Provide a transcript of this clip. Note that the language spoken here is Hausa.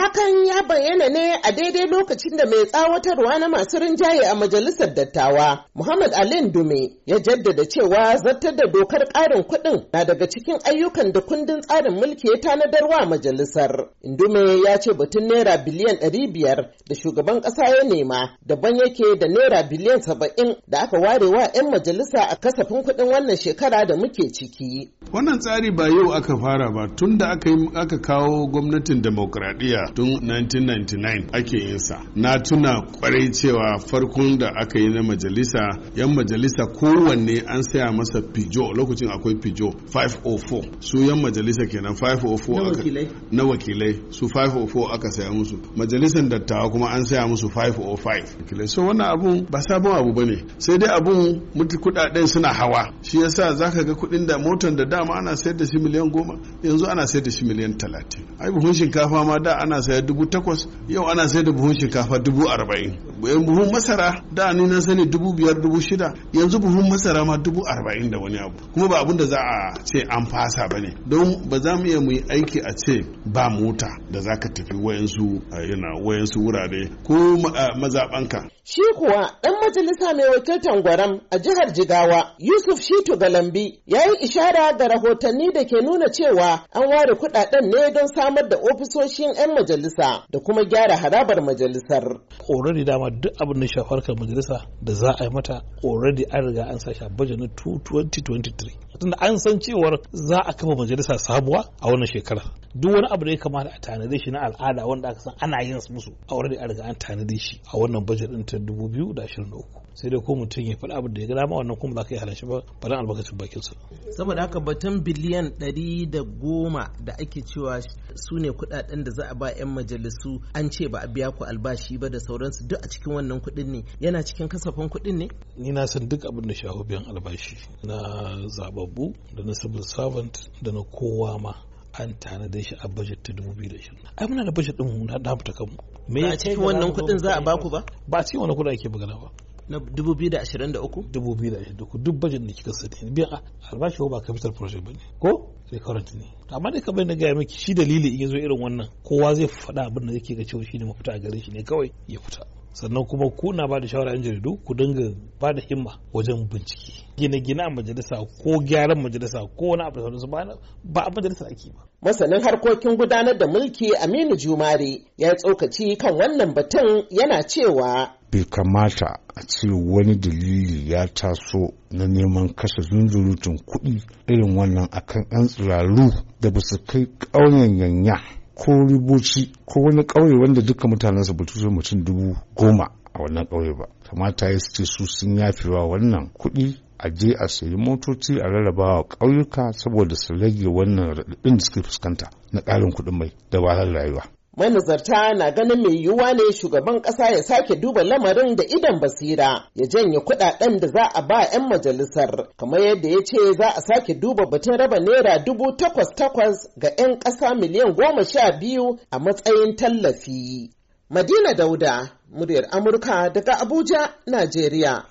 Hakan ya bayyana ne a daidai lokacin da mai tsawatarwa na masu rinjaye a majalisar dattawa, Muhammad Alin Dume ya jaddada cewa zartar da dokar ƙarin kuɗin na daga cikin ayyukan da kundin tsarin mulki ya tanadar wa majalisar. Indume ya ce batun naira biliyan ɗari biyar da shugaban ƙasa ya nema daban yake da naira biliyan saba'in da aka ware wa 'yan majalisa a kasafin kuɗin wannan shekara da muke ciki. wannan tsari ba yau aka fara ba tun da aka, aka kawo gwamnatin demokradiyya tun 1999 ake yin sa na tuna kwarai cewa farkon da aka yi na majalisa yan majalisa kowanne an saya masa pijo lokacin akwai pijo 504 su yan majalisa kenan 504 na wakilai su 504 aka saya musu majalisar dattawa kuma an saya musu 505 so wannan abun ba sabon abu bane sai dai abun kudaden suna hawa shi yasa zaka ga kudin da motar da da dama ana sayar da shi miliyan goma yanzu ana sayar da shi miliyan talatin ai buhun shinkafa ma da ana sayar dubu takwas yau ana sayar da buhun shinkafa dubu arba'in yan buhun masara da ni na sani dubu biyar dubu shida yanzu buhun masara ma dubu arba'in da wani abu kuma ba abin da za a ce an fasa ba ne don ba za mu iya mu yi aiki a ce ba mota da za ka tafi wayansu yana wayansu wurare ko mazaɓanka. Shi kuwa ɗan majalisa mai wakiltar gwaram a jihar Jigawa Yusuf Shitu Galambi ya yi ishara da rahotanni da ke nuna cewa an ware kudaden ne don samar da ofisoshin 'yan majalisa da kuma gyara harabar majalisar. Already dama duk abin da shafar ka majalisa da za a yi mata already an riga an sa baje na 2023. Tunda an san cewar za a kafa majalisa sabuwa a wannan shekarar. Duk wani abu da ya kamata a tanade shi na al'ada wanda aka san ana yin musu already an riga an tanade shi a wannan bajet ta 2023. sai dai ko mutum ya faɗa abin da ya gada ma wannan kuma za ka yi halashi ba faɗin albarkacin bakinsa. saboda haka batun biliyan ɗari da goma da ake cewa su ne kuɗaɗen da za a ba 'yan majalisu an ce ba a biya ku albashi ba da sauransu duk a cikin wannan kuɗin ne yana cikin kasafin kuɗin ne. ni na san duk abin da shafi biyan albashi na zababbu da na civil servant da na kowa ma an tanadin shi a budget ta 2020 ai muna da budget din mu na damu ta kanmu me ya ce wannan kuɗin za a baku ba ba a cikin wannan kuɗin ake magana ba na 2023 duk bajin da kika sani biya albashi ba capital project bane ko recurrent ne amma dai kamar na gaya miki shi dalili in yazo irin wannan kowa zai faɗa abin da yake ga cewa shi ne mafita a gare shi ne kawai ya fita sannan kuma ku na ba da shawara yan jaridu ku dinga ba da himma wajen bincike Gina gine a majalisa ko gyaran majalisa ko wani abu da sauransu ba a majalisa ake ba masanin harkokin gudanar da mulki aminu jumare ya tsokaci kan wannan batun yana cewa bai kamata a ce wani dalili ya taso na neman kashe zunzurutun kuɗi irin wannan akan 'yan tsiraru da ba su kai ƙauyen yanya ko riboci ko wani ƙauye wanda duka mutanen ba su mutum dubu goma a wannan ƙauye ba kamata ya ce su sun yafewa wannan kuɗi a je a sayi motoci a rarrabawa ƙauyuka saboda su rage wannan raɗaɗin da suke fuskanta na ƙarin kuɗin mai da rayuwa manazarta na ganin mai yiwuwa ne shugaban ƙasa ya sake duba lamarin da idan basira ya janye kuɗaɗen da za a ba 'yan majalisar kamar yadda ya ce za a sake duba batun raba naira dubu takwas takwas ga 'yan ƙasa miliyan goma sha biyu a matsayin tallafi. Madina Dauda, muryar Amurka daga Abuja, Najeriya.